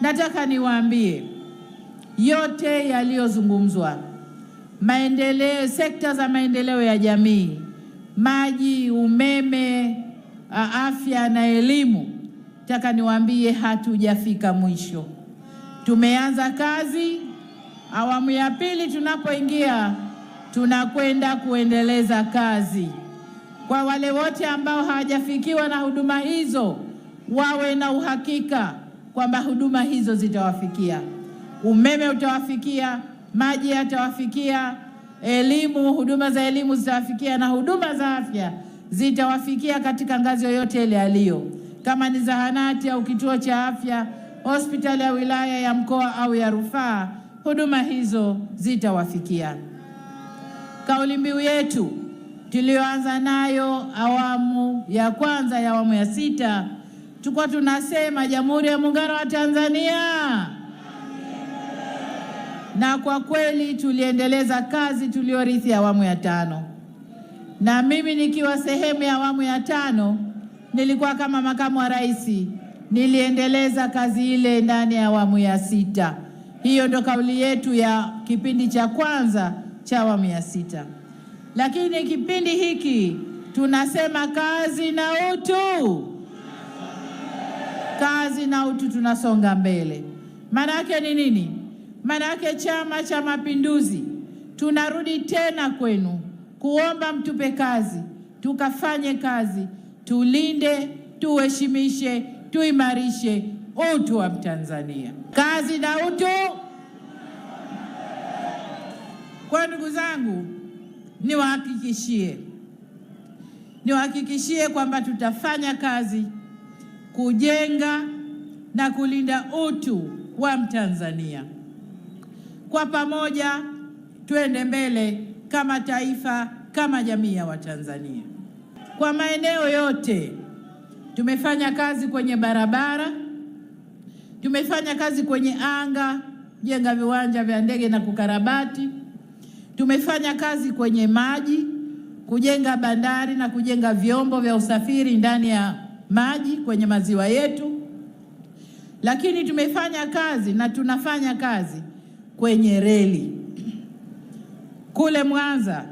Nataka niwaambie yote yaliyozungumzwa, maendeleo, sekta za maendeleo ya jamii, maji, umeme, afya na elimu, nataka niwaambie hatujafika mwisho. Tumeanza kazi, awamu ya pili tunapoingia, tunakwenda kuendeleza kazi. Kwa wale wote ambao hawajafikiwa na huduma hizo, wawe na uhakika kwamba huduma hizo zitawafikia. Umeme utawafikia, maji yatawafikia, elimu, huduma za elimu zitawafikia, na huduma za afya zitawafikia katika ngazi yoyote ile aliyo, kama ni zahanati au kituo cha afya, hospitali ya wilaya, ya mkoa au ya rufaa, huduma hizo zitawafikia. Kauli mbiu yetu tuliyoanza nayo awamu ya kwanza ya awamu ya sita tukuwa tunasema Jamhuri ya Muungano wa Tanzania, na kwa kweli tuliendeleza kazi tuliorithi awamu ya tano, na mimi nikiwa sehemu ya awamu ya tano nilikuwa kama makamu wa rais, niliendeleza kazi ile ndani ya awamu ya sita. Hiyo ndo kauli yetu ya kipindi cha kwanza cha awamu ya sita, lakini kipindi hiki tunasema kazi na utu kazi na utu, tunasonga mbele. Maana yake ni nini? Maana yake Chama cha Mapinduzi tunarudi tena kwenu kuomba mtupe kazi, tukafanye kazi, tulinde, tuheshimishe, tuimarishe utu wa Mtanzania. Kazi na utu. Kwa ndugu zangu, niwahakikishie niwahakikishie kwamba tutafanya kazi kujenga na kulinda utu wa Mtanzania. Kwa pamoja twende mbele kama taifa, kama jamii ya Watanzania. Kwa maeneo yote tumefanya kazi kwenye barabara, tumefanya kazi kwenye anga, jenga viwanja vya ndege na kukarabati, tumefanya kazi kwenye maji, kujenga bandari na kujenga vyombo vya usafiri ndani ya maji kwenye maziwa yetu, lakini tumefanya kazi na tunafanya kazi kwenye reli. Kule Mwanza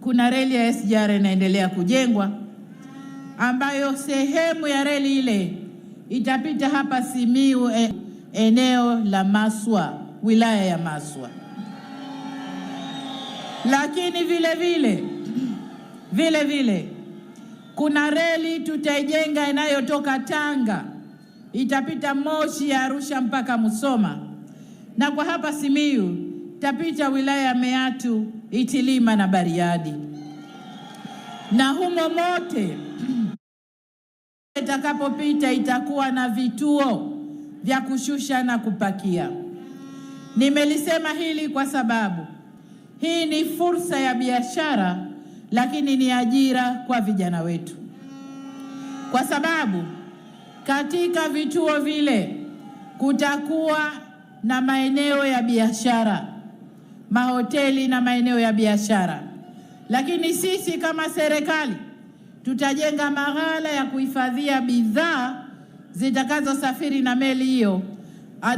kuna reli ya SGR inaendelea kujengwa, ambayo sehemu ya reli ile itapita hapa Simiu, e, eneo la Maswa, wilaya ya Maswa. Lakini vile vile vile vile kuna reli tutaijenga inayotoka Tanga itapita Moshi ya Arusha mpaka Musoma, na kwa hapa Simiyu itapita wilaya ya Meatu, Itilima na Bariadi, na humo mote itakapopita itakuwa na vituo vya kushusha na kupakia. Nimelisema hili kwa sababu hii ni fursa ya biashara lakini ni ajira kwa vijana wetu, kwa sababu katika vituo vile kutakuwa na maeneo ya biashara, mahoteli na maeneo ya biashara, lakini sisi kama serikali tutajenga maghala ya kuhifadhia bidhaa zitakazosafiri na meli hiyo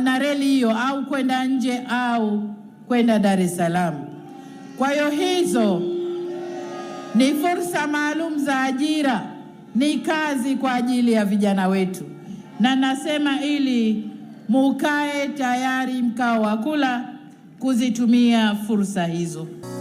na reli hiyo au kwenda nje au kwenda Dar es Salaam. Kwa hiyo hizo ni fursa maalum za ajira, ni kazi kwa ajili ya vijana wetu, na nasema ili mukae tayari mkao wa kula kuzitumia fursa hizo.